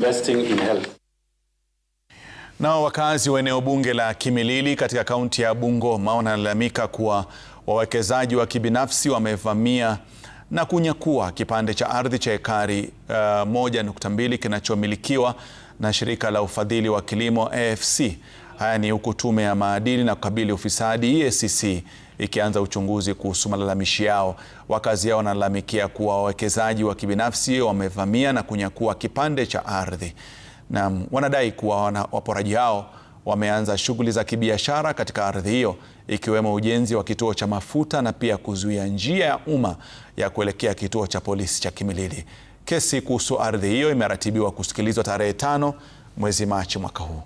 investing in health. Nao wakazi wa eneo bunge la Kimilili katika kaunti ya Bungoma wanalalamika kuwa wawekezaji wa kibinafsi wamevamia na kunyakua kipande cha ardhi cha ekari uh, eh, 1.2 kinachomilikiwa na shirika la ufadhili wa kilimo AFC. Haya ni huku tume ya maadili na kukabili ufisadi EACC ikianza uchunguzi kuhusu malalamishi yao. Wakazi hao wanalalamikia kuwa wawekezaji wa kibinafsi wamevamia na kunyakua kipande cha ardhi, na wanadai kuwa wana waporaji hao wameanza shughuli za kibiashara katika ardhi hiyo ikiwemo ujenzi wa kituo cha mafuta na pia kuzuia njia ya umma ya kuelekea kituo cha polisi cha Kimilili. Kesi kuhusu ardhi hiyo imeratibiwa kusikilizwa tarehe tano mwezi Machi mwaka huu.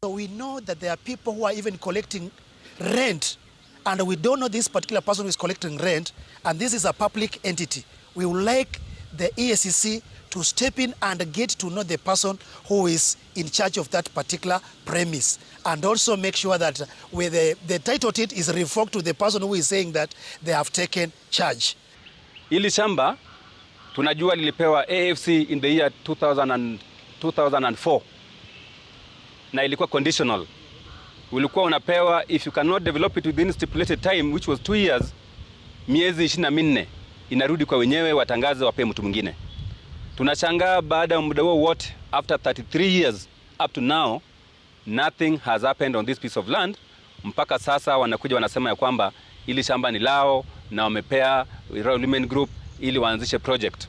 So we know that there are people who are even collecting rent and we don't know this particular person who is collecting rent and this is a public entity. We would like the EACC to step in and get to know the person who is in charge of that particular premise and also make sure that with the, the title deed is revoked to the person who is saying that they have taken charge. ili shamba tunajua lilipewa AFC in the year 2000 and 2004 na ilikuwa conditional. Ulikuwa unapewa if you cannot develop it within stipulated time which was two years, miezi 24 inarudi kwa wenyewe, watangaze, wape mtu mwingine. Tunashangaa baada ya muda huo wote, after 33 years up to now nothing has happened on this piece of land. Mpaka sasa wanakuja wanasema ya kwamba ili shamba ni lao na wamepea Royal Women Group ili waanzishe project.